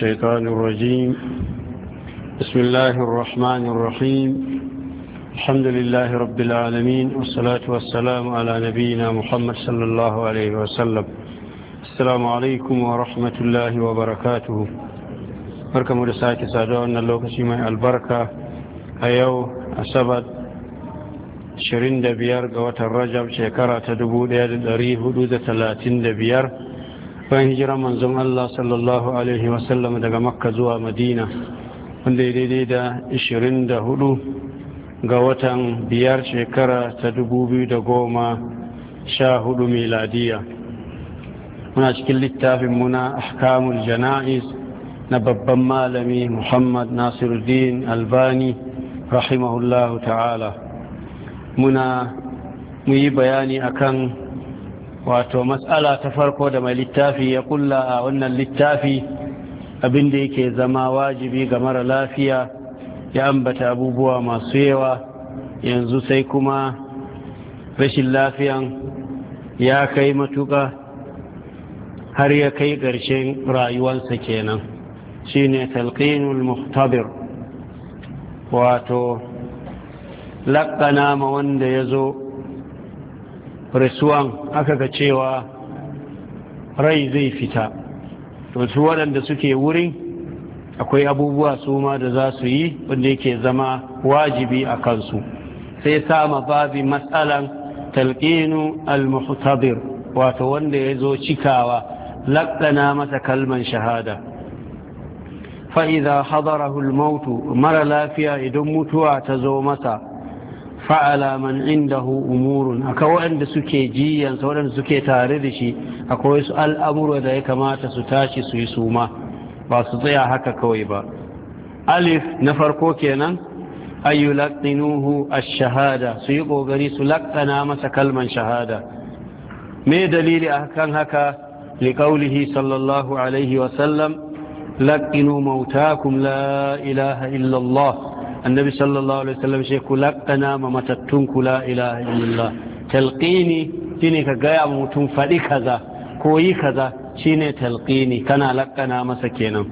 الشيطان الرجيم بسم الله الرحمن الرحيم الحمد لله رب العالمين والصلاة والسلام على نبينا محمد صلى الله عليه وسلم السلام عليكم ورحمة الله وبركاته بركم رساك سادونا اللوكسي من البركة أيو أسبت شرين دبيار قوة الرجب شكرة دبو ديال الأريه حدود ثلاثين دبيار bayan hijira manzon Allah sallallahu Alaihi wasallam daga makka zuwa madina wanda ya daidai da 24 ga watan biyar shekara ta 2014 miladiya muna cikin littafin muna ahkamul jana'iz na babban malami muhammad nasiruddin albani rahimahullahu ta'ala muna muyi bayani akan wato matsala ta farko da mai littafi ya kulla a wannan littafi abinda yake zama wajibi ga mara lafiya ya ambata abubuwa masu yawa yanzu sai kuma rashin lafiyan ya kai matuka har ya kai ƙarshen rayuwarsa kenan shine talqinul muhtabir wato laƙana ma wanda ya zo rasuwan aka ga cewa rai zai fita to su waɗanda suke wurin akwai abubuwa su ma da za su yi wanda yake zama wajibi a kansu sai sama babi matsalan talqinu al-muhtadir wato wanda ya zo cikawa laƙana masa kalman shahada fa'iza hadarahu al-mautu mara lafiya idan mutuwa ta zo masa fa'ala man indahu umurun akwai waɗanda suke jiyansa waɗanda suke tare da shi akwai wasu al'amura da ya kamata su tashi su yi suma ba su tsaya haka kawai ba alif na farko kenan ayu laqtinuhu ash-shahada su yi ƙoƙari su laƙana masa kalman shahada me dalili akan haka liqaulihi sallallahu alaihi wa sallam laqinu mautakum la ilaha illallah annabi sallallahu alaihi wasallam shi ku laqana ma matattun ku la ilaha illallah talqini shine ka gaya ma mutum faɗi kaza ko yi kaza shine talqini kana laqana masa kenan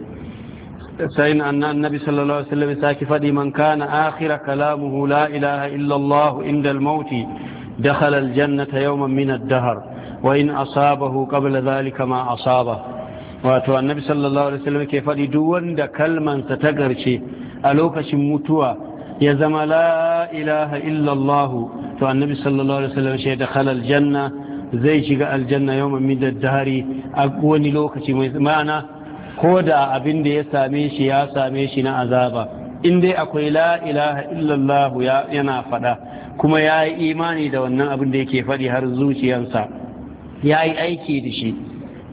sai anna annabi sallallahu alaihi wasallam saki faɗi man kana akhira kalamuhu la ilaha illallah inda al-maut dakhala al-jannata yawman min ad-dahr wa in asabahu qabla dhalika ma asaba wato annabi sallallahu alaihi wasallam ke faɗi duk wanda kalmansa ta garce a lokacin mutuwa ya zama la ilaha illallah to annabi sallallahu alaihi wasallam shi da khalal janna zai shiga aljanna yawman min daddari a wani lokaci mai ma'ana ko da abin da ya same shi ya same shi na azaba in dai akwai la ilaha illallah yana faɗa kuma ya yi imani da wannan abin da yake faɗi har zuciyarsa ya yi aiki da shi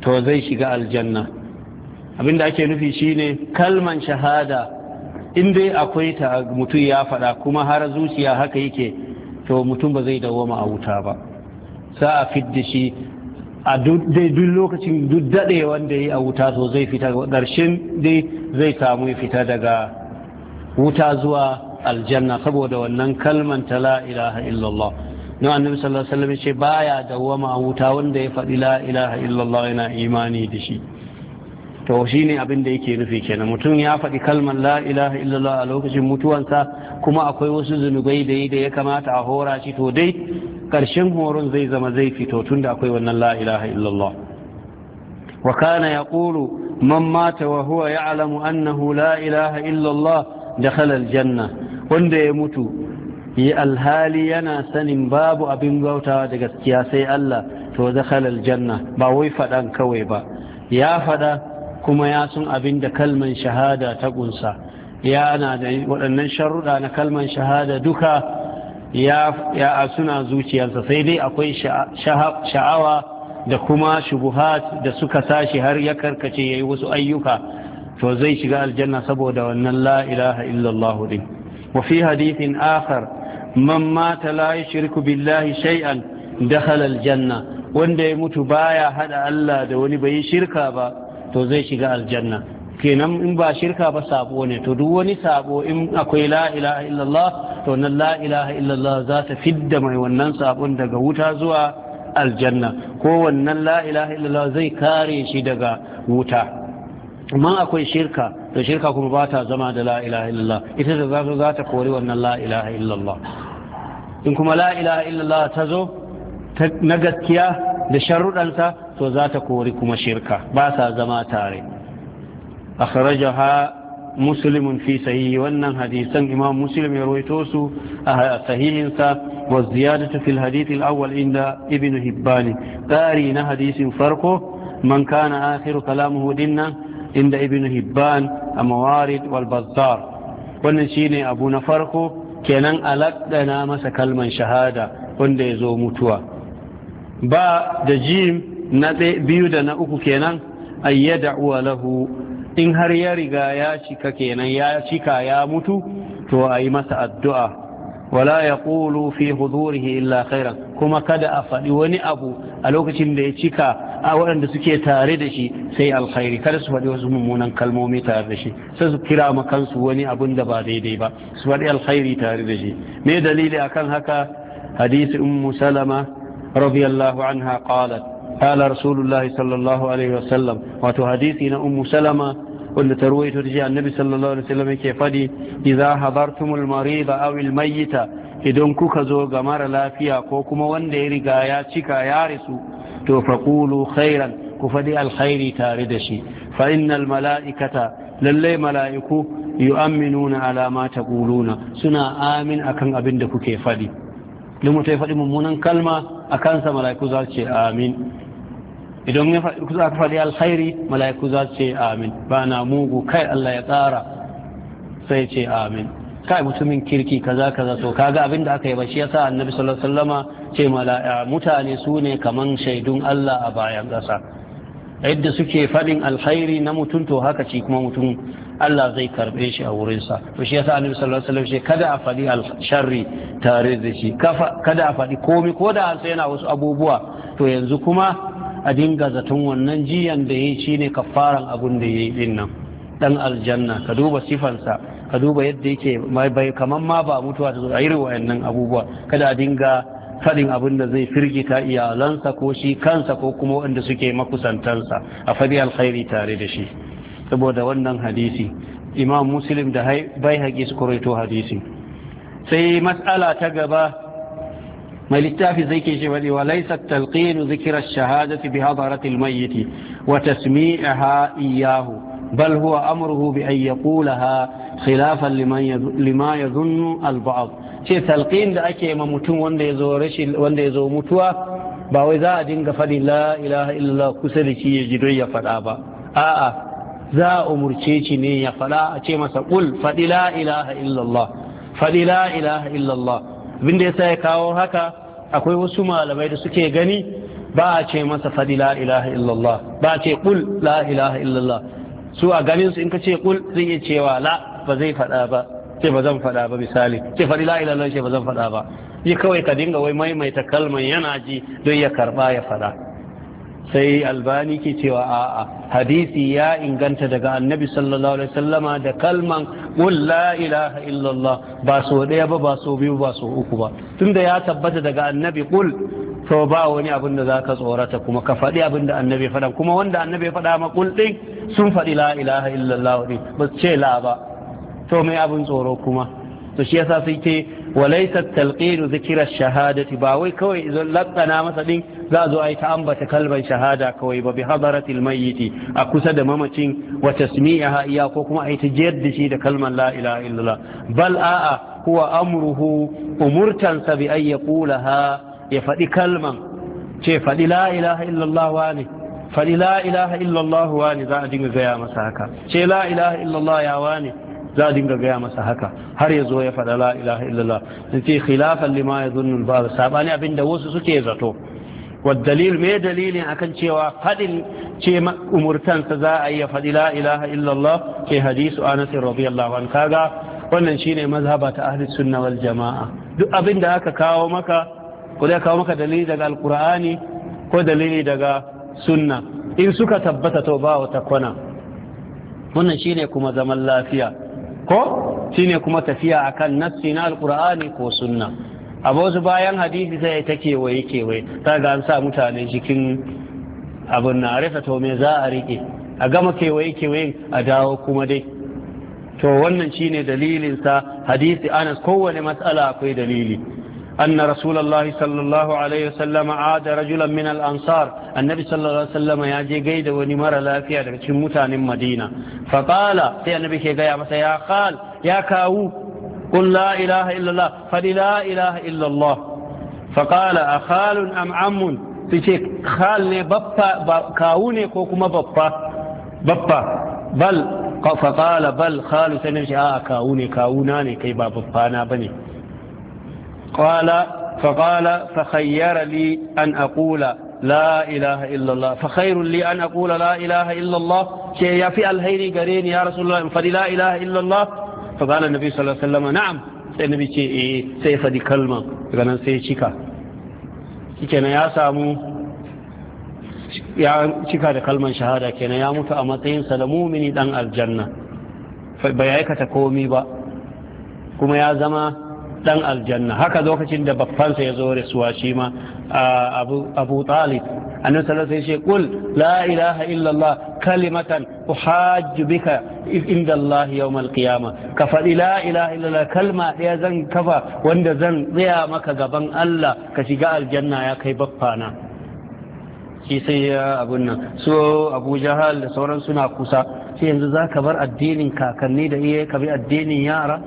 to zai shiga aljanna abin da ake nufi shine kalman shahada in dai akwai ta mutum ya faɗa kuma har zuciya haka yake to mutum ba zai dawoma a wuta ba za a fidda shi a duk lokacin duk daɗe wanda ya a wuta to zai fita ƙarshen dai zai samu fita daga wuta zuwa aljanna saboda wannan kalman ta la ilaha illallah na annabi sallallahu alaihi wasallam ce baya dawwama a wuta wanda ya faɗi la ilaha illallah yana imani da shi to shi ne abin da yake nufi kenan mutum ya faɗi kalmar la ilaha illallah a lokacin mutuwansa kuma akwai wasu zunubai da yi da ya kamata a hora shi to dai ƙarshen horon zai zama zai fito tun da akwai wannan la ilaha illallah wa kana ya ƙulu man mata wa huwa ya alamu annahu la ilaha illallah da halal janna wanda ya mutu yi alhali yana sanin babu abin bautawa da gaskiya sai Allah to da halal janna ba wai faɗan kawai ba ya faɗa kuma ya sun abin da kalman shahada ta ƙunsa yana da waɗannan sharuɗa na kalman shahada duka ya a suna zuciyarsa sai dai akwai sha'awa da kuma shubuhat da suka sashi har ya karkace ya yi wasu ayyuka to zai shiga aljanna saboda wannan la'ilaha ilaha illallah din wa fi hadithin akhar man mata la yushriku billahi shay'an dakhala janna, wanda ya mutu baya hada Allah da wani bai shirka ba to zai shiga aljanna kenan in ba shirka ba sabo ne to duk wani sabo in akwai la ilaha illallah to nan la ilaha illallah za ta fidda mai wannan sabon daga wuta zuwa aljanna ko wannan la ilaha illallah zai kare shi daga wuta amma akwai shirka to shirka kuma ba ta zama da la ilaha illallah ita da za za ta kori wannan la ilaha illallah in kuma la ilaha illallah ta zo na gaskiya da sharuɗansa to za ta kori kuma shirka ba sa zama tare ha muslimun fi sahihi wannan hadisan imam muslim ya rawaito su a sahihinsa wa ziyadatu fil hadith al awwal inda ibn hibban tsari na hadisin farko man kana akhiru kalamuhu dinna inda ibn hibban a mawarid wal bazzar wannan shine abu na farko kenan aladdana masa kalman shahada wanda ya zo mutuwa ba da jim na biyu da na uku kenan ayyada lahu in har ya riga ya cika kenan ya cika ya mutu to a yi masa addu'a wala ya ƙulu fi hudurihi illa khairan kuma kada a faɗi wani abu a lokacin da ya cika a waɗanda suke tare da shi sai alkhairi kada su faɗi wasu mummunan kalmomi tare da shi sai su kira ma kansu wani abun da ba daidai ba su faɗi alkhairi tare da shi me dalili akan haka hadisi ummu salama رضي الله عنها قالت قال رسول الله صلى الله عليه وسلم أم سلمة ta ruwaito ta ce annabi sallallahu alaihi wasallam yake fadi idza hadartumul mayyita idan kuka zo ga mara lafiya ko kuma wanda ya riga ya cika ya risu to faqulu khairan ku fadi alkhairi tare da shi fa innal malaikata lalle mala'iku yu'minuna ala ma taquluna suna amin akan da kuke fadi duk mutai mummunan kalma a kansa mala'iku za ce amin idan ya faɗi alkhairi mala'iku za ce amin ba na mugu kai Allah ya tsara sai ce amin kai mutumin kirki kaza kaza to kaga abin da aka yi bashi ya yasa annabi sallallahu alaihi wasallama ce mutane su ne kaman shaidun Allah a bayan kasa yadda suke faɗin alkhairi na mutum to haka ci kuma mutum Allah zai karbe shi a wurinsa to shi yasa annabi sallallahu alaihi wasallam kada a faɗi al-sharri tare da shi kada a faɗi komai ko da an yana wasu abubuwa to yanzu kuma a dinga zaton wannan jiyan da yayi shine kafaran abun da yayi din nan dan aljanna ka duba sifansa ka duba yadda yake bai kaman ma ba mutuwa ta zo a irin wayannan abubuwa kada a dinga faɗin abin da zai firgita iyalansa ko shi kansa ko kuma wanda suke makusantansa a faɗi alkhairi tare da shi saboda wannan hadisi imam muslim da bai haƙi su kuraito hadisi sai mas'ala ta gaba mai littafi zai ke shi wani walaisa talqinu zikirar su bi hadaratil mayyiti wa tasmi'aha iyahu bal huwa amruhu bi an khilafan lima yadhunnu al ba'd ce talqin da ake ma mutum wanda zo rashin wanda zo mutuwa ba wai za a dinga faɗi la ilaha illallah kusa da shi ya ji don ya faɗa ba a'a za a umarce shi ne ya fada a ce masa ƙul faɗi la ilaha illallah faɗi la ilaha illallah abin da yasa ya kawo haka akwai wasu malamai da suke gani ba a ce masa faɗi la ilaha illallah ba a ce ƙul la ilaha illallah su a ganin su in ka ce ƙul zai iya cewa la ba zai faɗa ba ce ba zan faɗa ba misali ce faɗi la ilaha illallah ce ba zan faɗa ba ji kawai ka dinga wai maimaita kalman yana ji don ya karɓa ya faɗa sai albani ke cewa a hadisi ya inganta daga annabi sallallahu alaihi wasallama da kalman qul la ilaha illallah ba so daya ba ba so biyu ba so uku ba tunda ya tabbata daga annabi qul to ba wani abin da zaka tsorata kuma ka faɗi abin da annabi faɗa kuma wanda annabi faɗa ma qul din sun faɗi la ilaha illallah din ba ce la ba to mai abin tsoro kuma to shi yasa sai ce walaysa talqinu zikira shahadati ba wai kawai idan latsana masa din za a zo a yi ta ambata kalman shahada kawai ba bi hadaratil mayyiti a kusa da mamacin wa tasmi'aha iya ko kuma a yi ta jiyar shi da kalman la ilaha illallah bal a'a huwa amruhu umurtansa bi an yaqulaha ya fadi kalman ce faɗi la ilaha illallah wani faɗi la ilaha illallah wani za a dinga gaya masa haka ce la ilaha illallah ya wani. za a dinga gaya masa haka har ya zo ya faɗa la ilaha illallah sun ce khilafan lima ya zunnun ba sabani abinda wasu suke zato والدليل ما akan cewa haɗin فدل شيء أمرتان za a yi ya faɗi إلا الله في ke hadisu رضي الله عنه Kaga. wannan shine mazhaba ta ahli sunna wal jamaa duk abin da aka kawo maka ko da kawo maka dalili daga alqur'ani ko dalili daga sunna in suka tabbata to ba wata kwana wannan shine kuma zaman lafiya ko shine kuma tafiya akan nassi na Alkur'ani ko sunna A wasu bayan hadisi sai ta kewaye kewaye ta ga an sa mutane cikin abin na rufe to me za a rike a gama kewaye kewaye a dawo kuma dai to wannan shine dalilinsa hadisi anas kowane matsala akwai dalili أن رسول الله صلى الله عليه وسلم عاد رجلا من الأنصار النبي صلى الله عليه وسلم يجي قيد ونمر لا في عدد مدينة فقال يا نبي كي يا خال يا كاو قل لا إله إلا الله لا إله إلا الله فقال أخال أم عم تشي خال ني بابا كاوني كوكما بابا بابا بل فقال بل خال سنجي آه كاوني كاوناني كي بابا فانا بني قال فقال فخير لي أن أقول لا إله إلا الله فخير لي أن أقول لا إله إلا الله شيء يفي الهير قرين يا رسول الله فدي لا إله إلا الله فقال النبي صلى الله عليه وسلم نعم sai ce eh sai faɗi kalma daga nan sai cika kenan ya samu ya cika da kalman shahada kenan ya mutu a matsayin da mumini dan aljanna bai aikata komi ba kuma ya zama dan aljanna haka lokacin da sa ya zo rasuwa shi ma abu talib annabi sallallahu alaihi kul la ilaha illallah kalimatan uhajju bika inda Allah yawm alqiyama ka faɗi la ilaha illallah kalma ɗaya zan kafa wanda zan tsaya maka gaban Allah ka shiga aljanna ya kai baffana shi sai ya abun nan so Abu Jahal da sauran suna kusa sai yanzu za ka bar addinin kakanni da iyaye ka bi addinin yara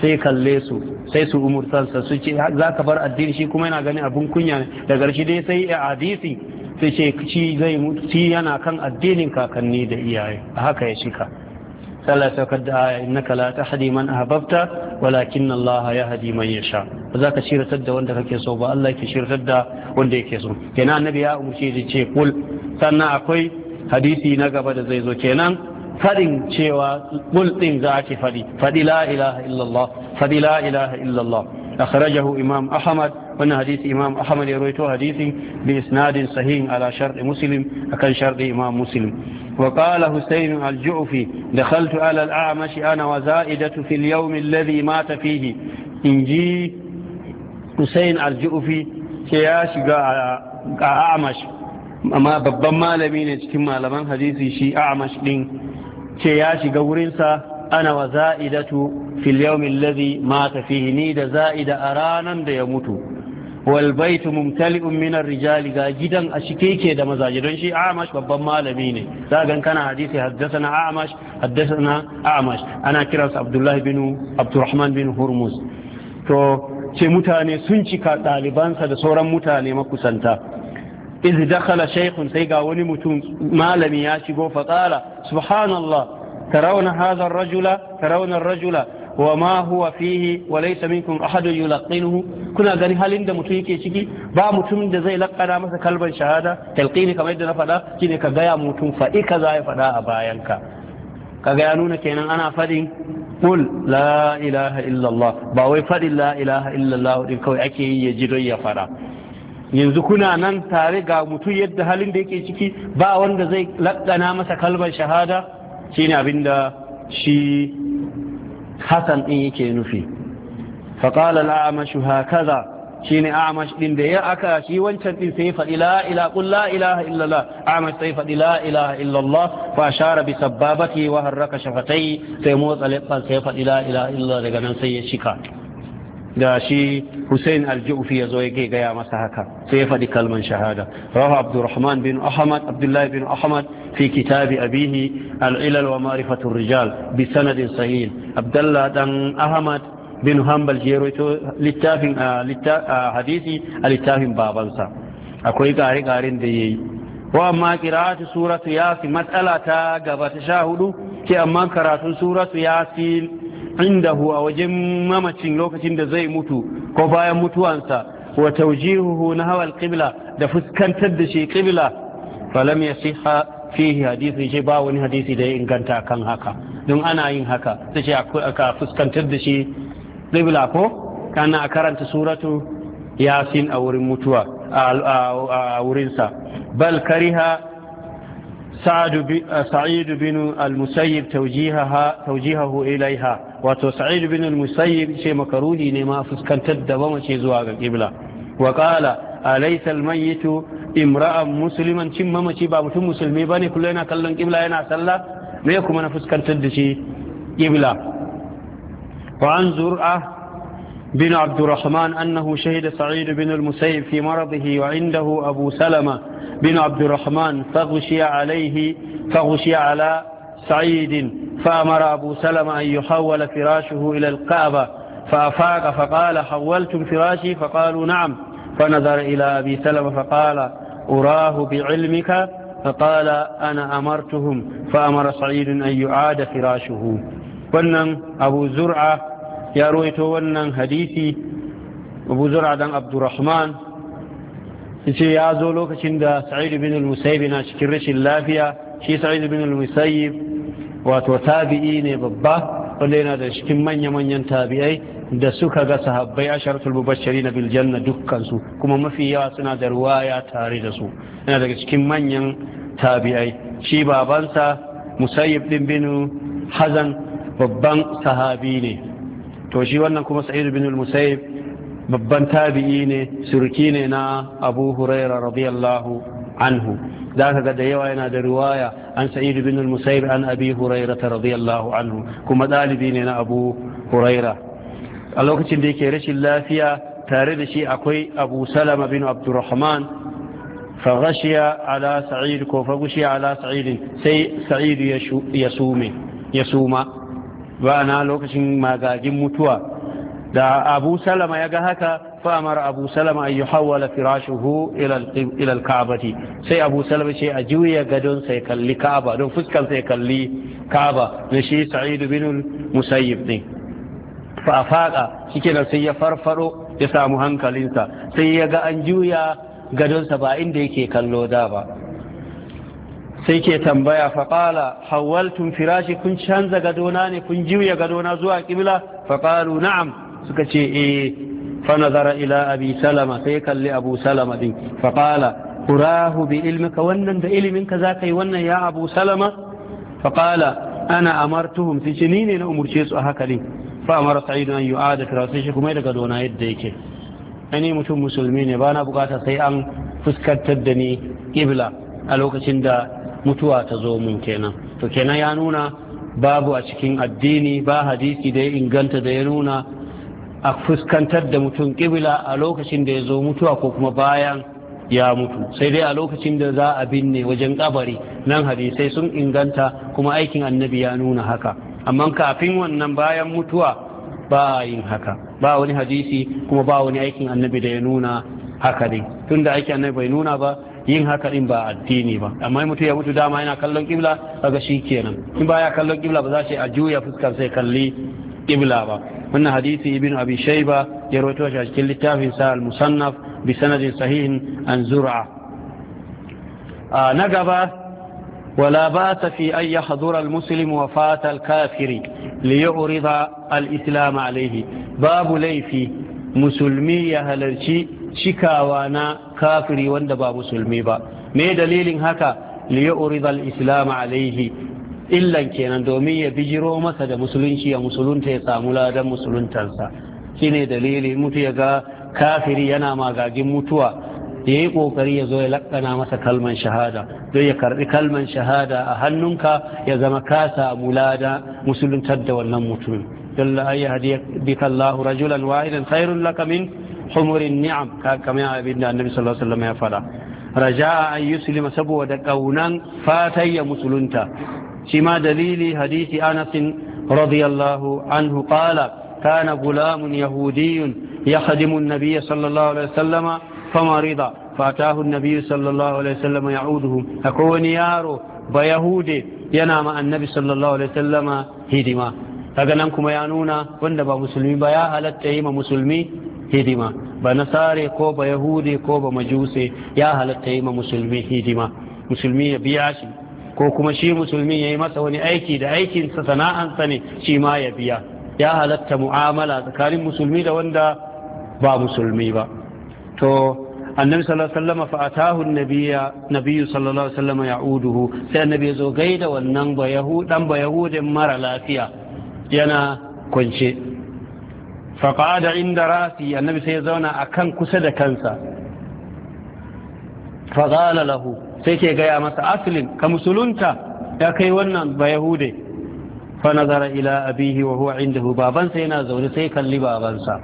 sai kalle su sai su umurtansa su ce za ka bar addini shi kuma yana ganin abun kunya da garshi dai sai a hadisi sai ce shi zai mutu yana kan addinin kakanni da iyaye haka ya shika sallah saukar da aya innaka la tahdi man ahbabta walakin Allah yahdi man sha ba za ka shiratar da wanda kake so ba Allah ke shiratar da wanda yake so kenan annabi ya umurce ce kul sannan akwai hadisi na gaba da zai zo kenan fadin cewa kul za ki fadi fadi la ilaha illallah fadi la ilaha illallah akhrajahu imam ahmad wannan hadisi imam ahmad ya roito hadisi bi isnadin sahihin ala shart muslim akan shart imam muslim وقال حسين الجعفي دخلت على الأعمش أنا وزائدة في اليوم الذي مات فيه إنجي حسين الجعفي كياش أعمش amma babban malami ne cikin malaman hadisi shi amash din ce ya shiga wurinsa ana wa za'idatu fil yawmin ladhi mata fihi ni da za'ida a ranar da ya mutu wal baitu mumtali'un min rijali ga gidan a shike yake da mazaje don shi Amash babban malami ne za zagan kana hadisi haddathana Amash haddathana Amash ana kiransa abdullahi bin Abdurrahman bin Hurmuz to ce mutane sun cika ɗalibansa da sauran mutane makusanta iz dakhala shaykhun sai ga wani mutum malami ya shigo fa qala subhanallah tarawna hadha rajula tarawna ar-rajula wa ma huwa fihi wa laysa minkum ahad kuna gani halin da mutum yake ciki ba mutum da zai lakkana masa kalban shahada talqini kamar da na faɗa shine ka gaya mutum faɗi kaza ya faɗa a bayan ka. kaga ya nuna kenan ana faɗin qul la ilaha illallah ba wai faɗin la ilaha illallah din kawai ake yi ya ji don ya fada. yanzu kuna nan tare ga mutum yadda halin da yake ciki ba wanda zai laddana masa kalmar shahada shine abin da shi hasan din yake nufi faƙala al'amashu hakaza shi ne amash ɗin da ya aka shi wancan ɗin sai faɗi la'ila ƙun la'ilaha illallah amash sai faɗi laila illallah fa shara bi sababati wa harraka shafatai sai motsa leɓɓan sai faɗi laila illallah daga nan sai ya shika da shi Hussein al ya zo ya gaya masa haka sai ya faɗi kalman shahada rawa abdulrahman bin Ahmad abdullahi bin Ahmad fi kitabi abihi al'ilal wa marifatun rijal bi sanadin sahil. Abdullah dan Ahmad bin hambal Hanbal ito littafin hadisi a littafin babansa akwai gare garin da yayi wa amma qira'atu suratu yasin matsala ta gaba ta sha hudu ke amma karatun suratu yasin dahu a wajen mamacin lokacin da zai mutu ko bayan mutuwansa wa tawjihuhu na hawal qibla da fuskantar da shi qibla falam yasiha fihi hadisi shi ba wani hadisi da ya inganta kan haka don ana yin haka ta ce aka fuskantar da shi qibla ko kana a karanta suratu yasin a wurin mutuwa a wurinsa bal kariha sa'idu bin al المسيب توجيهها توجيهه wato sa'id bin al-musayyib ce makaruni ne ma fuskantar da mamace zuwa ga qibla wa qala alaysa al-mayyitu imra'an musliman cin mamaci ba mutum musulmi ne kullu yana kallon qibla yana sallah me kuma na fuskantar da shi Ƙibla wa an zur'a bin abdurrahman annahu shahida sa'id bin al-musayyib fi maradihi wa indahu abu salama bin abdurrahman faghshiya alayhi faghshiya ala سعيد فأمر أبو سلمة أن يحول فراشه إلى الكعبة فأفاق فقال حولتم فراشي فقالوا نعم فنظر إلى أبي سلمة فقال أراه بعلمك فقال أنا أمرتهم فأمر سعيد أن يعاد فراشه ونن أبو زرعة يا رويت ونن حديثي أبو زرعة دان عبد الرحمن yace ya zo lokacin da sa'id bin al-musayyib na cikin rashin lafiya shi sa'id bin al-musayyib wato tabi'i ne babba wanda yana da cikin manya-manyan tabi'ai da suka ga sahabbai asharatul mubashshari na biljanna dukkansu kuma mafi yawa suna da ruwaya tare da su yana daga cikin manyan tabi'ai shi babansa musayyib din bin hazan babban sahabi ne to shi wannan kuma sa'id bin al-musayyib babban tabi'i ne surki ne na abu hurairah radiyallahu anhu ذاك قد يوانا رواية عن سعيد بن المسيب عن أبي هريرة رضي الله عنه كما دال دالبين أبو هريرة الله الوقت ديك رشي الله فيها تارد شيء أقوي أبو سلم بن عبد الرحمن فغشي على سعيد فغشي على سعيد سي سعيد يسوم يسوم وأنا لوكشن ما قاجم متوى da abu salama ya ga haka فامر ابو سلمة ان يحول فراشه الى الى الكعبة سي أبو سلمة اجويا غدون سي كلي كعبة دون سي كلي كعبة نشي سعيد بن المسيب دي فافاقا شكنا سي فرفرو يسام هنكالينسا سي يغا انجويا غدون سبا اندي كي كالو دابا sai ke tambaya faƙala hawaltun firashi kun canza gadona ne kun juya gadona zuwa ƙibla faƙalu na'am suka ce eh فنظر إلى أبي سلمة سيكل لأبو سلمة دي فقال قراه بإلمك ونن بإلمك ذاك ونن يا أبو سلمة فقال أنا أمرتهم في جنين أمر شيء لي فأمر سعيد أن يعاد في رأسي رأسه كما يدقون يديك أني متم مسلمين بانا بقاتا سيئا فسكت تدني إبلا ألوك تندى متوى تزوم كينا فكينا يانونا babu a cikin addini ba hadisi da ya inganta da ya nuna a fuskantar da mutum ƙibila a lokacin da ya zo mutuwa ko kuma bayan ya mutu sai dai a lokacin da za a binne wajen kabari nan hadisai sun inganta kuma aikin annabi ya nuna haka amma kafin wannan bayan mutuwa ba yin haka ba wani hadisi kuma ba wani aikin annabi da ya nuna haka din tunda aikin annabi bai nuna ba yin haka din ba addini ba amma mutu ya mutu dama yana kallon kibla kaga kenan in baya kallon kibla ba za shi a juya fuskar sai kalli kibla ba wannan hadisi ibn abi shayba ya rawaito shi a cikin littafin sa al-musannaf bi sanadin sahihin an zur'a na gaba ولا بأس في أن يحضر المسلم وفاة الكافر al-islam عليه babu laifi musulmi ya halarci cikawa na kafiri wanda ba musulmi ba me dalilin haka liya al islam alaihi illan kenan domin ya bijiro masa da musulunci ya musulunta ya samu ladan shi shine dalili mutu ya ga kafiri yana magagin mutuwa ya yi yazo ya zo ya laƙana masa kalman shahada don ya karbi kalman shahada a hannunka ya zama ka samu lada musuluntar da wannan mutum don la'ayi hadiyaka Allahu rajulan wahidan khairun laka min humurin ni'am kamar abin da annabi sallallahu alaihi wasallam ya faɗa raja'a an yuslima saboda kaunan fatayya musulunta شما دليل حديث أنس رضي الله عنه قال كان غلام يهودي يخدم النبي صلى الله عليه وسلم فمرض فأتاه النبي صلى الله عليه وسلم يعوده أكون يارو بيهودي ينام النبي صلى الله عليه وسلم هدما kaga nan kuma ya nuna wanda ba musulmi ba ya halatta yi ma musulmi hidima ba nasare ko ba مسلمي ko ba majuse ko kuma shi musulmin ya yi masa wani aiki da aikinsa sana'ansa ne shi ma ya biya ya halatta mu'amala tsakanin musulmi da wanda ba musulmi ba to annabi sallallahu alaihi wasallam fa atahu nabiyya nabiyyu sallallahu alaihi wasallam ya'uduhu sai annabi zo gaida wannan ba yahudan ba yahudin mara lafiya yana kunce fa qada inda rasi annabi sai ya zauna akan kusa da kansa fa qala lahu sai ke gaya masa asalin ka musulunta ya kai wannan ba yahude fa nazara ila abihi wa huwa indahu babansa yana zaune sai kalli babansa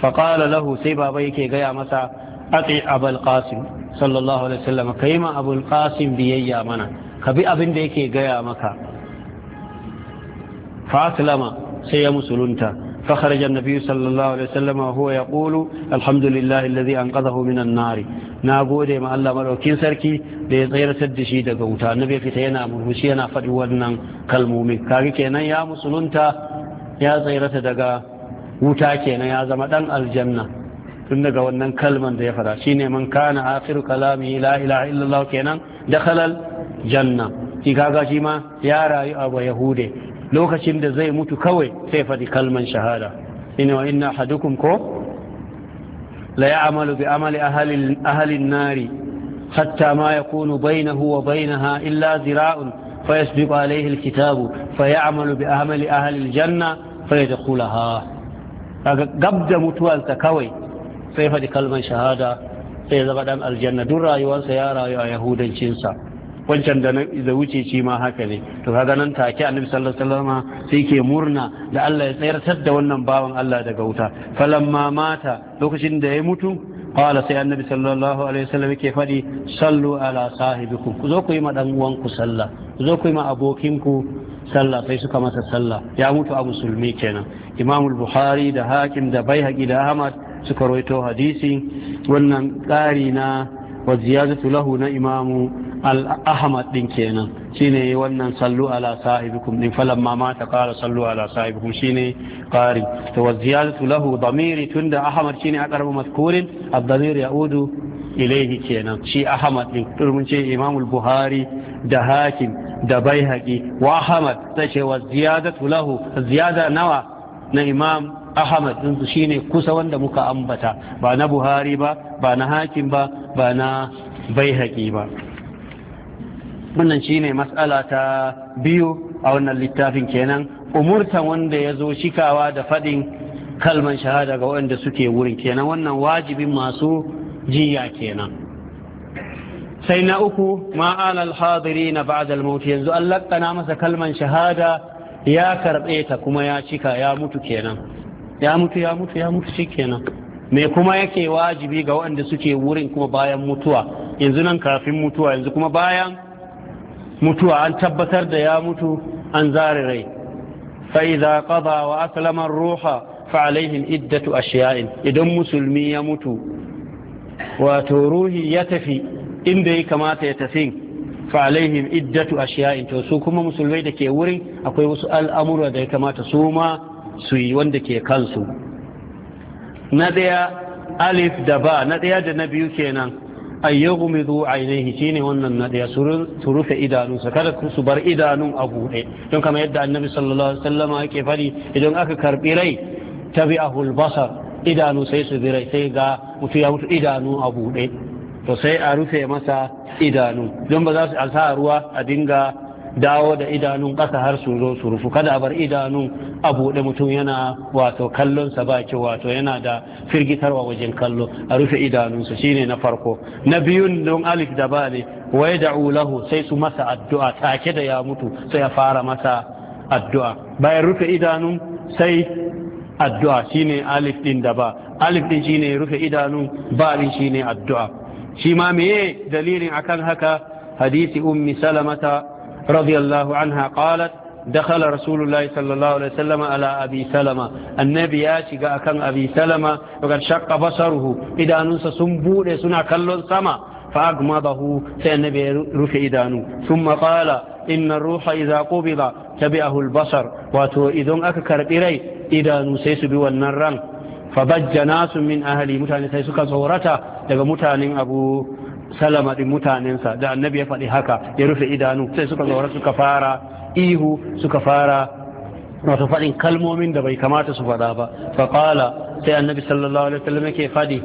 fa qala lahu sai baba yake gaya masa ati abul qasim sallallahu alaihi wasallam kai ma abul qasim biyayya mana ka bi abin da yake gaya maka fa aslama sai ya musulunta فخرج النبي صلى الله عليه وسلم وهو يقول الحمد لله الذي أنقذه من النار نابود ما الله ملوكين سركي ليطير سدشي دقوتا النبي في تينا مرهشينا فدونا كالمومي كاكي كينا يا مسلونتا يا زيرة دقا وتا كينا يا زمدان الجنة tun daga wannan kalman da ya fara shine man kana akhiru kalami la ilaha illallah kenan dakhala janna ki kaga shi ma ya rayu a yahude lokacin da zai mutu kawai sai faɗi kalman shahada ina wa ina hadukum ko la ya Amalu bi amali ahli ahli nari hatta ma ya yakunu bainahu wa bainaha illa zira'un Fa fayasbiqu alayhi alkitab fay'malu bi amali ahli aljanna fayadkhulaha kaga gabda mutuwarsa kawai sai faɗi kalman shahada sai zama dan aljanna duk rayuwarsa ya rayu a yahudancinsa wancan da da wuce shi ma haka ne to kaga nan take annabi sallallahu alaihi wasallam sai ke murna da Allah ya tsayartar da wannan bawan Allah daga wuta falamma mata lokacin da ya mutu qala sai annabi sallallahu alaihi wasallam yake fadi sallu ala sahibikum ku zo ku yi ma dan uwan ku sallah ku zo ku yi ma abokin ku sallah sai suka masa sallah ya mutu a musulmi kenan imamul buhari da hakim da baihaqi da ahmad suka roito hadisi wannan tsari wa ziyadatu lahu na imamu al-ahmad din kenan shine wannan sallu ala sahibikum din falamma ma ta qala sallu ala sahibikum shine qari to wa ziyadatu lahu damiri tunda ahmad shine a karbu mazkurin ad-damir yaudu ilayhi kenan shi ahmad din turmin ce imamu buhari da hakim da baihaqi wa ahmad sai ce wa ziyadatu lahu nawa na imam ahmad su shine kusa wanda muka ambata ba na buhari ba ba na hakim ba ba na baihaki ba wannan shine mas'ala ta biyu a wannan littafin kenan umurtan wanda ya zo cikawa da faɗin kalman shahada ga waɗanda suke wurin kenan wannan wajibin masu jiya kenan sai na uku ma'anar hadiri na ba'adar mauti yanzu an lakana masa kalman shahada ya karɓe ta kuma ya cika ya mutu kenan ya mutu ya mutu ya mutu shi kenan me kuma yake wajibi ga waɗanda suke wurin kuma bayan mutuwa yanzu nan kafin mutuwa yanzu kuma bayan mutuwa an tabbatar da ya mutu an zare rai fa'iza qada wa aslama ruha fa alaihim iddatu ashiya'in idan musulmi ya mutu wato ruhi ya tafi inda ya kamata ya tafi fa alaihim iddatu ashiya'in to su kuma musulmai da ke wurin akwai wasu al'amura da ya kamata su ma su yi wanda ke kansu na daya alif da ba na daya da na biyu kenan ayyahu mai zuwa ainihi shi ne wannan na daya su rufe idanunsa kada su bar idanun a buɗe don kama yadda annabi sallallahu alaihi fari idan aka karɓi rai tabi a idanu sai su birai sai ga mutu ya mutu idanu a buɗe to sai a rufe masa idanu don ba za su alsa ruwa a dinga dawo da idanun ƙasa har su zo su rufu kada a bar idanu a buɗe mutum yana wato kallon sa baki wato yana da firgitarwa wajen kallo a rufe idanunsa shine na farko na biyun don alif da ba ne wai da ulahu sai su masa addu'a take da ya mutu sai ya fara masa addu'a bayan rufe idanun sai addu'a shine alif din da ba alif din shine rufe idanun ba din shine addu'a shi ma meye dalilin akan haka hadisi ummi salamata radiyallahu anha qalat dakhala rasulullahi sallallahu alaihi wasallam ala abi salama annabi ya shiga akan abi salama daga shaqqa basaruhu idanunsa sun bude suna kallon sama فأغمضه سينبي رفع إدانه ثم قال إن الروح إذا قبض تبعه البصر واتو idanu sai su bi wannan ran. fadajja nasu min ahali mutane sai suka tsorata daga mutanen abu salama din mutanensa da annabi ya faɗi haka ya rufe idanu sai suka tsorata suka fara ihu suka fara wato faɗin kalmomin da bai kamata su faɗa ba faƙala sai annabi sallallahu alaihi wasallam yake faɗi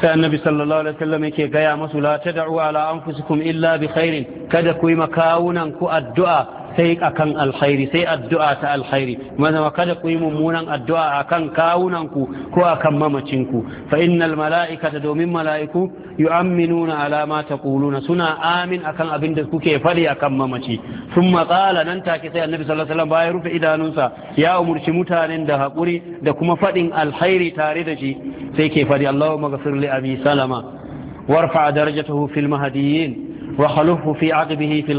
sai annabi sallallahu alaihi wasallam yake gaya masu la tad'u ala anfusikum illa bi khairin kada ku yi makawunan ku addu'a sai akan alkhairi sai addu'a ta alkhairi mana kada ku yi mummunan addu'a akan kawunanku ko akan mamacinku fa innal mala'ikata domin mala'iku yu'minuna ala ma taquluna suna amin akan abin da kuke fadi akan mamaci thumma qala nan take sai annabi sallallahu alaihi wasallam rufe idanunsa ya umurci mutanen da hakuri da kuma fadin alkhairi tare da shi sai ke fadi Allahumma ghfir li abi salama warfa darajatahu fil mahdiyyin وخلفه fi aqbihi في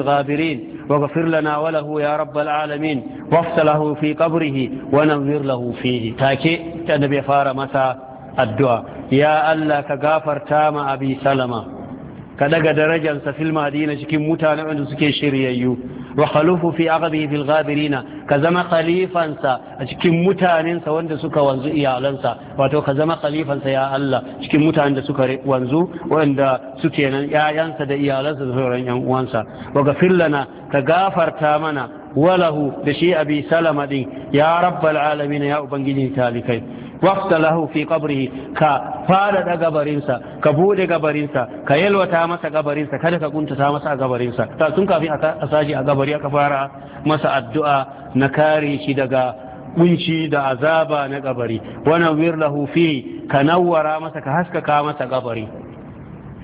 واغفر لنا وله يا رب العالمين وافتله في قبره وننظر له فيه تاكي النبي فار مسا الدعاء يا الله كغافر تام أبي سلمة كدق درجا في المدينة كم متانع سكي شريئيو wa khalufu fi aqabihi fil ghabirina ka zama khalifansa a cikin mutanensa wanda suka wanzu iyalansa wato ka zama khalifansa ya Allah cikin mutanen da suka wanzu wanda suke nan yayansa da iyalansa da sauran ƴan uwansa wa ghafir lana ka gafarta mana walahu da shi abi salama din ya rabbal alamin ya ubangiji talikai lahu fi qabrihi ka fara da gabarinsa ka bude gabarinsa ka yalwata masa gabarinsa kada ka kuntata masa a gabarinsa ta tun kafin a saji a gabari aka fara masa addu'a na kare shi daga kunci da azaba na gabari wana wir lahu fi ka nawwara masa ka haskaka masa gabari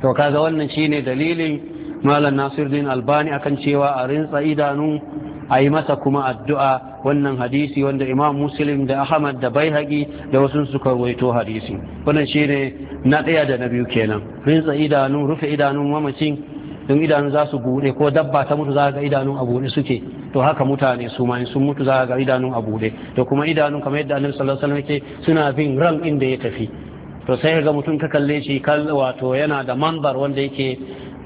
to kaga wannan shine dalilin malam nasiruddin albani akan cewa a rinsa idanu a yi masa kuma addu'a wannan hadisi wanda imam muslim da ahmad da baihaqi da wasu suka waito hadisi wannan shi ne na ɗaya da na biyu kenan rinsa idanu rufe idanun mamacin don idanu za su buɗe ko dabba ta mutu za ga idanun a buɗe suke to haka mutane su ma sun mutu za ga idanun a buɗe to kuma idanun kamar yadda annabi sallallahu alaihi wasallam yake suna bin ran inda ya tafi to sai ga mutum ka kalle shi kal wato yana da manbar wanda yake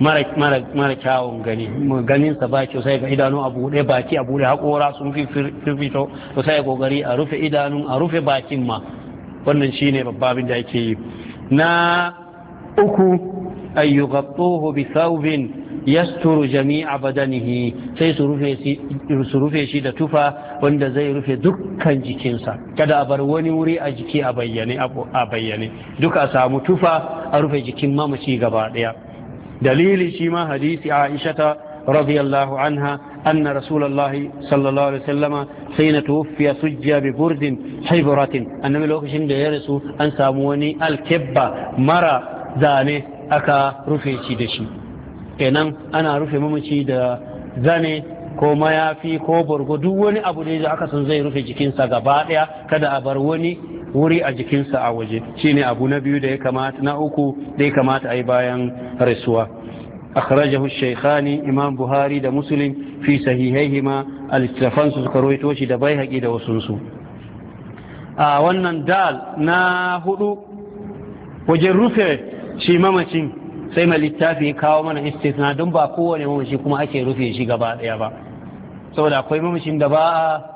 mara kyawun gani ganin sa ba kyau sai ga idanu a buɗe baki a bude haƙora sun fi firfito to sai kokari a rufe idanu a rufe bakin ma wannan shine babbabin da ake yi na uku ay yughattuhu bi thawbin yasturu jami'a badanihi sai su rufe shi da tufa wanda zai rufe dukkan jikinsa kada a bar wani wuri a jiki a bayyane a bayyane duka samu tufa a rufe jikin mamaci gaba daya dalili shi ma hadisi aishata radiyallahu anha anna rasulullahi sallallahu alaihi wasallama sai na tuwfiya sujja bi burdin hibratin annabi lokacin da ya rasu an samu wani alkebba mara zane aka rufe shi da shi kenan ana rufe mamaci da zane ko mayafi ko borgo duk wani abu da aka san zai rufe jikinsa gaba daya kada a bar wani wuri a jikinsa a waje shi ne abu na biyu da ya kamata na uku da ya kamata a yi bayan rasuwa akhrajahu shaykhani imam buhari da muslim fi sahihaihima al-tafan su suka rawaito shi da baihaqi da wasunsu a wannan dal na hudu wajen rufe shi mamacin sai mai littafi kawo mana na don ba kowane mamaci kuma ake rufe shi gaba daya ba saboda akwai mamacin da ba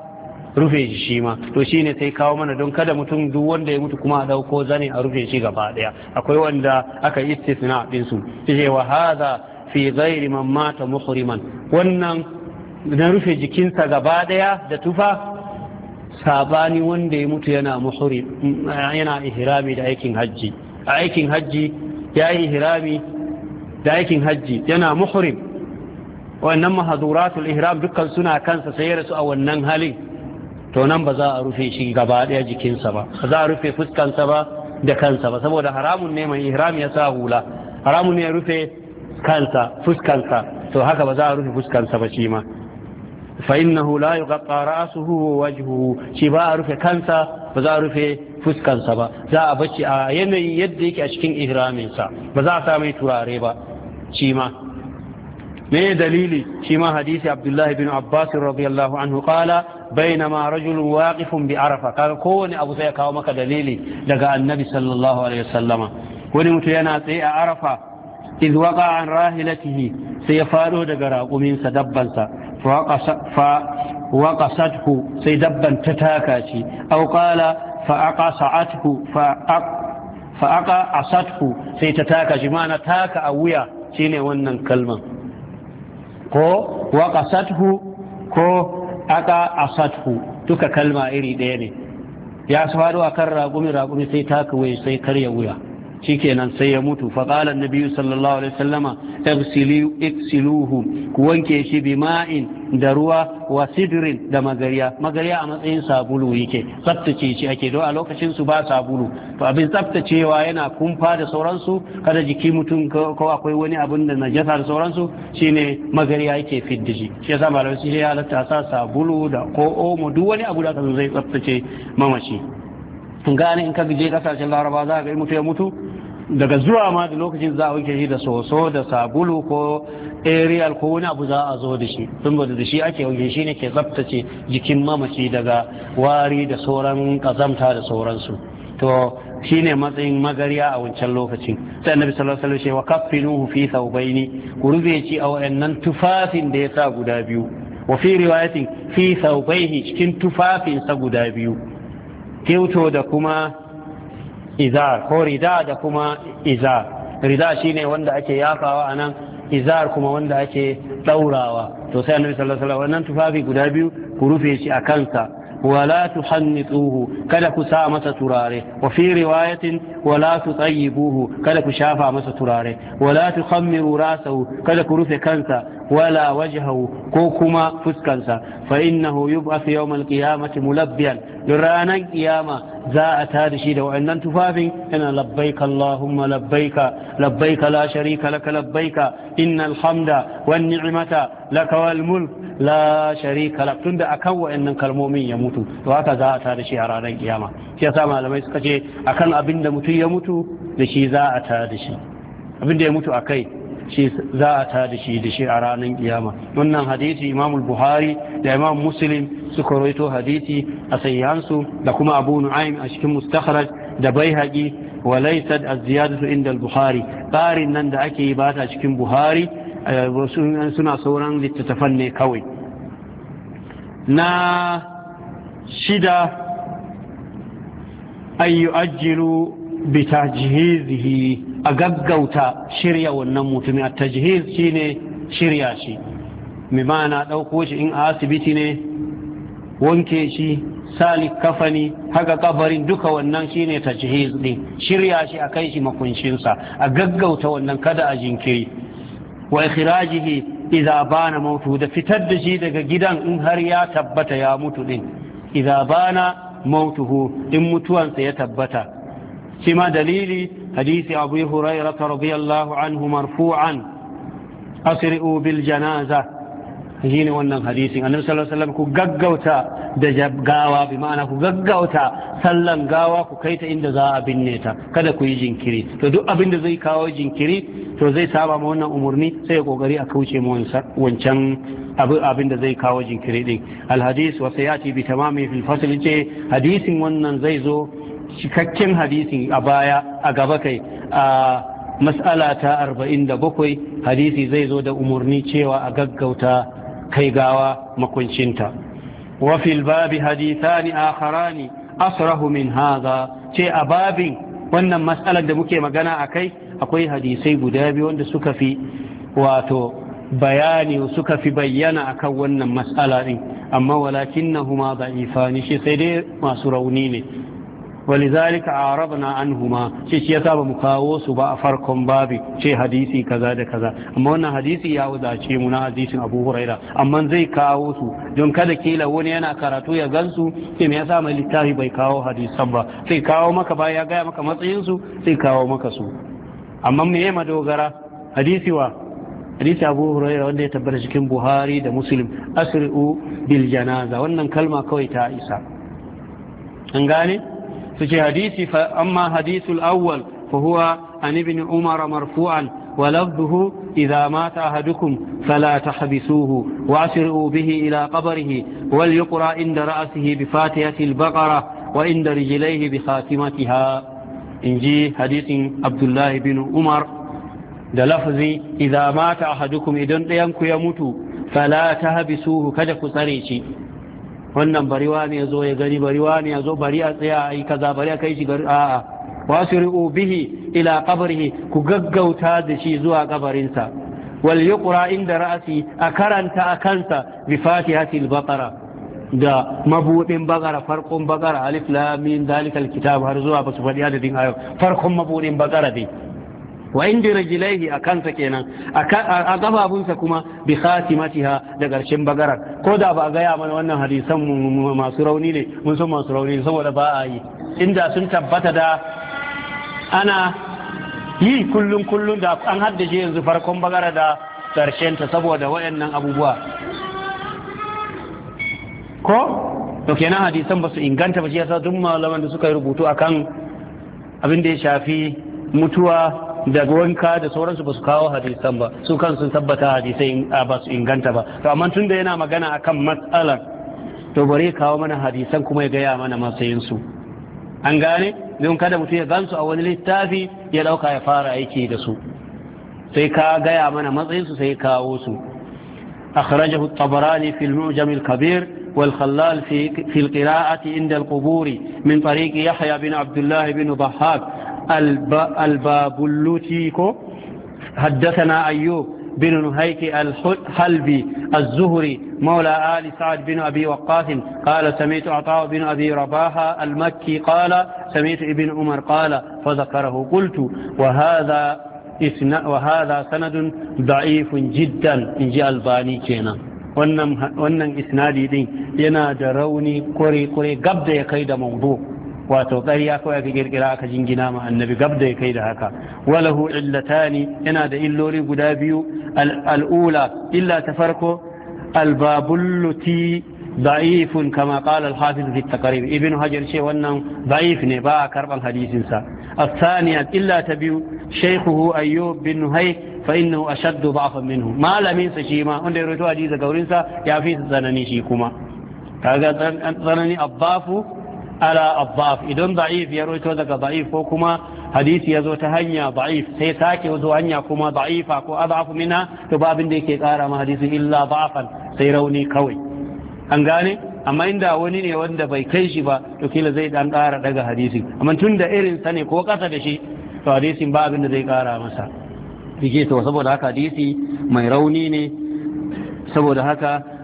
rufe shi shi ma to shi ne sai kawo mana don kada mutum duk wanda ya mutu kuma a dauko zane a rufe shi gaba daya akwai wanda aka yi istisna din su ce wa hadha fi ghairi man mata muhriman wannan na rufe jikinsa gaba daya da tufa sabani wanda ya mutu yana muhrim yana ihrami da aikin hajji a aikin hajji ya yi ihrami da aikin hajji yana muhrim wannan mahaduratul ihram dukkan suna kansa sai ya rasu a wannan halin to nan ba za a rufe shi gaba ɗaya jikinsa ba ba za a rufe fuskansa ba da kansa ba saboda haramun ne mai ihram ya sa hula haramun ne ya rufe kansa fuskansa to haka ba za a rufe fuskansa ba shi ma fa innahu la yughatta ra'suhu wa wajhuhu shi ba a rufe kansa ba za a rufe fuskansa ba za a bace a yanayin yadda yake a cikin sa ba za a sa mai turare ba shi ma me dalili shi ma hadisi abdullahi bin abbas radiyallahu anhu qala bainama rajulun waqifun bi arafa kaga kowane abu sai ya kawo maka dalili daga annabi sallallahu wani mutum yana tsaye a arafa iz waqa an rahilatihi sai ya fado daga raƙuminsa dabbansa fa waqasathu sai dabban ta taka shi aw qala fa aqasathu fa aqasathu sai ta taka shi taka a wuya shine wannan kalma ko ko aka asathu duka kalma iri ɗaya ne ya faru a kan ragumi ragumi sai taka wuya sai karya wuya shikenan sai ya mutu fa qala sallallahu alaihi wasallama ighsilu ku wanke shi bi ma'in da ruwa wa sidrin da magariya magariya a matsayin sabulu yake tsaftace shi ake don a lokacin su ba sabulu to abin tsaftacewa yana kumfa da sauransu kada jiki mutum ko akwai wani abin da najasa da sauransu shine magariya yake fidda shi shi yasa malamai shi ya halatta sa sabulu da ko omo duk wani abu da zai tsaftace mamaci gane in ka je kasashen laraba za ka ga mutu ya mutu daga zuwa ma da lokacin za a wanke shi da soso da sabulu ko aerial ko wani abu za a zo da shi saboda da shi ake wanke shi ne ke tsaftace jikin mamaci daga wari da sauran kazamta da sauransu to shi ne matsayin magariya a wancan lokacin sai annabi sallallahu alaihi wasallam wa kaffinuhu fi thawbaini ku rufe shi a wayannan tufafin da ya sa guda biyu wa fi riwayatin fi thawbaihi cikin tufafinsa guda biyu kyoto da kuma izar ko rida da kuma izar rida shine wanda ake yafawa a nan izar kuma wanda ake ɗaurawa to sai annabi sallallahu alaihi wasallam tufafi guda biyu ku rufe shi a kansa wala tuhannituhu kada ku sa masa turare wa fi riwayatin wala buhu kada ku shafa masa turare wala tukhammiru rasahu kada ku rufe kansa wala wajhahu ko kuma fuskansa fa innahu yub'ath yawm al-qiyamati mulabbiyan ranar kiyama za a tada shi da wa'annan tufafin yana labbaika Allahumma labbaika labbaika la sharika laka labbaika innal hamda wan ni'mata laka wal mulk la sharika lak tunda akan wa'annan kalmomin ya mutu to haka za a tada shi a ranar kiyama shi yasa malamai suka ce akan abin da mutum ya mutu da shi za a tada shi abin da ya mutu akai shi za a ta da shi da shi a ranar kiyama wannan hadisi imam buhari da imam muslim suka rawaito hadisi a sayyansu da kuma abu nu'aym a cikin mustakhraj da baihaqi wa laysat az-ziyadatu inda al-buhari qarin nan da ake yi ba ta cikin buhari eh, suna sauran littattafan ne kawai na shida ayyu ajiru bi tajhizihi a gaggauta shirya wannan mutumin a tajhiz shine shirya shi mai ma'ana ɗauko shi in a asibiti ne wanke shi salik kafani haka kabarin duka wannan shine tajhiz din shirya shi a kai shi makunshinsa a gaggauta wannan kada a jinkiri wa Iza idza bana mautu da fitar da shi daga gidan in har ya tabbata ya mutu din idza bana mautuhu in mutuwansa ya tabbata shi ma dalili حديث أبي هريرة رضي الله عنه مرفوعا أسرئوا بالجنازة هنا وانا حديث النبي صلى الله عليه وسلم كغغوتا دجاب غاوا بمعنى كغغوتا sallan gawa ku kai ta inda za a binne ta kada ku yi jinkiri to duk abin da zai kawo jinkiri to zai saba ma wannan umarni sai ya kokari a kauce ma wancan abin da zai kawo jinkiri din alhadis wa sayati bi tamami fil fasl ce hadisin wannan zai zo cikakken hadisin a baya a gaba kai a mas'ala ta 47 hadisi zai zo da umarni cewa a gaggauta kai gawa makuncinta wa fil babi hadithani akharani asrahu min hadha ce a babin wannan mas'alar da muke magana a kai akwai hadisai guda biyu wanda suka fi wato bayani suka fi bayyana akan wannan mas'ala din amma walakin na huma shi sai dai masu rauni ne ولذلك na anhuma شي shi yasa bamu kawo su ba a farkon babi ce hadisi kaza da kaza amma wannan hadisi ya wadace mu na hadisin Abu Huraira amma zai kawo su don kada kila wani yana karatu ya gansu sai me yasa mai littafi bai kawo hadisan ba sai kawo maka ba ya gaya maka matsayin su sai kawo maka su amma me yayi madogara hadisi wa hadisi Abu Huraira wanda ya tabbata cikin Buhari da Muslim asri'u bil janaza wannan kalma kawai ta isa an gane في حديث فأما حديث الأول فهو عن ابن عمر مرفوعا ولفظه إذا مات أحدكم فلا تحبسوه وأسرئوا به إلى قبره وليقرأ عند رأسه بفاتحة البقرة وعند رجليه بخاتمتها إنجي حديث عبد الله بن عمر da lafazi idza mata ahadukum idan ɗayanku ya mutu fala tahbisuhu kada ku tsare shi wannan bariwa ne ya zo ya gani bariwa ne ya zo bari a tsaya a yi kaza bari a kai shi gari a'a wasu ri'u bihi ila qabrihi ku gaggauta da shi zuwa kabarinsa wal yuqra inda ra'asi a karanta a kansa bi fatihatil baqara da mabudin baqara farkon baqara alif lam mim dalikal kitab har zuwa basu faɗi adadin ayo farkon mabudin baqara dai wa inda rajilaihi a kansa kenan a gababunsa kuma bi khatimatiha da ƙarshen bagarar ko da ba gaya mana wannan hadisan masu rauni ne mun san masu rauni saboda ba a yi inda sun tabbata da ana yi kullum kullum da an haddace yanzu farkon bagara da ƙarshen ta saboda waɗannan abubuwa ko to kenan hadisan ba su inganta ba shi yasa duk malaman da suka yi rubutu akan abin da ya shafi mutuwa Daga wanka da sauransu ba su kawo hadisan ba su kan sun tabbata hadisai ba su inganta ba to amma tunda yana magana akan matsalar to bari kawo mana hadisan kuma ya gaya mana matsayin su an gane don kada mutum ya gansu a wani littafi ya dauka ya fara aiki da su sai ka gaya mana matsayin su sai kawo su أخرجه الطبراني في المعجم الكبير والخلال في, في القراءة عند القبور من طريق يحيى بن عبد الله بن ضحاك البابلوتي كو حدثنا أيوب بن نهيك الحلبي الزهري مولى آل سعد بن أبي وقاص قال سمعت عطاء بن أبي رباح المكي قال سمعت ابن عمر قال فذكره قلت وهذا وهذا سند ضعيف جدا إن جاء الباني كينا wannan isnadi din yana da rauni kore-kore gab da ya kai da mawdu wato ƙarya ko aka girgira aka jingina ma annabi gabda ya kai da haka walahu illatani yana da illori guda biyu al'ula illa ta farko albabulluti da'ifun kama qala al-hafiz fi taqrib ibn hajar ce wannan da'if ne ba a karban hadisinsa sa illa ta biyu shaykhuhu ayyub bin hay fa innahu ashadd minhu malamin sa shi ma wanda ya rawaito hadisi ga gaurin ya fi tsanani shi kuma kaga tsanani abafu. ala abbaf idan da'if ya roito daga da'if ko kuma hadisi ya zo ta hanya da'if sai sake zo hanya kuma da'ifa ko adhafu mina to ba abin da yake kara ma hadisi illa da'afan sai rauni kawai an gane amma inda wani ne wanda bai kai shi ba to kila zai dan kara daga hadisi amma tun da irin sa ne ko kasa da shi to hadisin ba abin da zai kara masa yake to saboda haka hadisi mai rauni ne saboda haka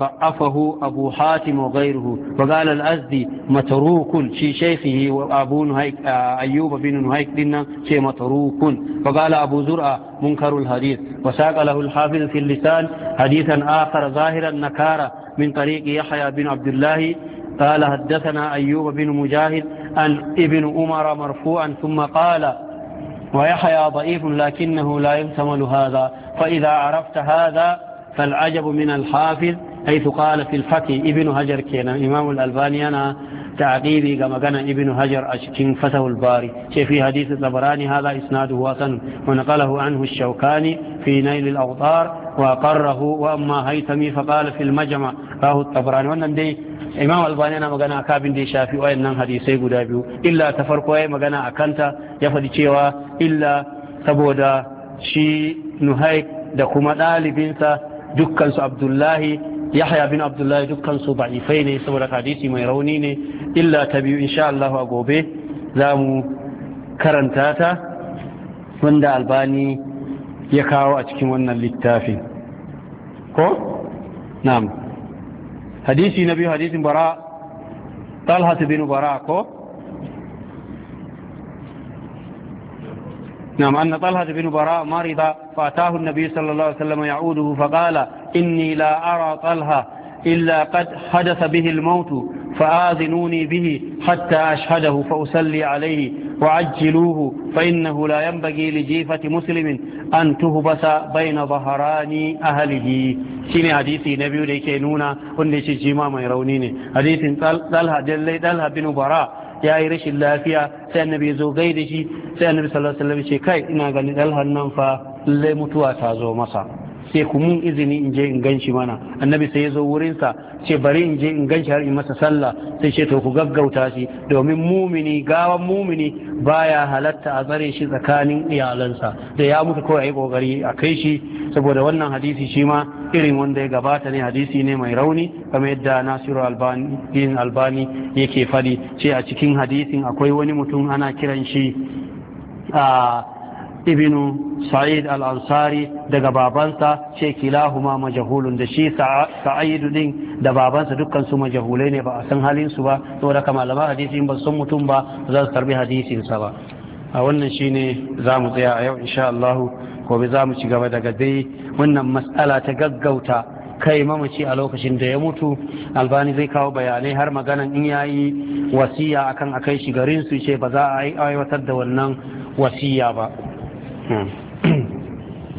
ضعفه أبو حاتم وغيره وقال الأزدي متروك شي شيخه وأبو نهيك أيوب بن نهيك لنا شي متروك وقال أبو زرع منكر الحديث وساق له الحافظ في اللسان حديثا آخر ظاهرا نكارا من طريق يحيى بن عبد الله قال حدثنا أيوب بن مجاهد عن ابن عمر مرفوعا ثم قال ويحيى ضعيف لكنه لا يحتمل هذا فإذا عرفت هذا فالعجب من الحافظ حيث قال في الفتح ابن هجر كينا إمام الألباني أنا تعقيبي كما كان ابن هجر أشكين فتح الباري شيء في حديث الطبراني هذا إسناده حسن ونقله عنه الشوكاني في نيل الأوطار وقره وأما هيثمي فقال في المجمع راه الطبراني وأن دي imam albani yana magana akabin دي شافي shafi wayannan hadisai guda biyu illa ta farko ya magana akanta ya faɗi cewa saboda shi nuhaik da kuma ɗalibinsa dukkansu abdullahi yahya bin abdullahi dukkansu ba'ifai ne saboda hadisi mai rauni ne illa ta biyu insha Allah a gobe za mu karanta ta wanda albani ya kawo a cikin wannan littafin ko na'am hadisi na biyu hadisin bara talhat bin bara ko نعم أن طلحة بن براء مرض فأتاه النبي صلى الله عليه وسلم يعوده فقال إني لا أرى طلحة إلا قد حدث به الموت فآذنوني به حتى أشهده فأسلي عليه وعجلوه فإنه لا ينبغي لجيفة مسلم أن تهبس بين ظهران أهله شيني حديثي نبي ليكينونا ونشي جيما ما يرونيني حديث دلها دلها بن براء ya yi rashin lafiya sai annabi ya zo gai da shi sai annabi sallallahu alaihi wasallam ce kai ina gani dalhan nan fa lallai mutuwa ta zo masa sai ku mun izini in je in ganshi mana annabi sai ya zo wurinsa ce bari in je in ganshi har in masa sallah sai ce to ku gaggauta shi domin mumini gawan mumini baya halatta a tsare shi tsakanin iyalansa da ya mutu ko yi kokari a kai shi saboda wannan hadisi shi ma irin wanda ya gabata ne hadisi ne mai rauni kamar yadda nasiru albani albani yake fadi ce a cikin hadisin akwai wani mutum ana kiran shi a ibinu sa'id al-ansari daga babansa ce kilahuma majahulun da shi sa'idu din da babansa dukkan su majahulai ne ba a san halin su ba saboda kama malaman hadisi ba san mutum ba za su tarbi hadisin sa ba a wannan shine za mu tsaya a yau insha Allah gobe za mu ci gaba daga dai wannan matsala ta gaggauta kai mamaci a lokacin da ya mutu albani zai kawo bayanai har maganan in yayi wasiya akan akai shi garin su ce ba za a aiwatar da wannan wasiya ba hmm.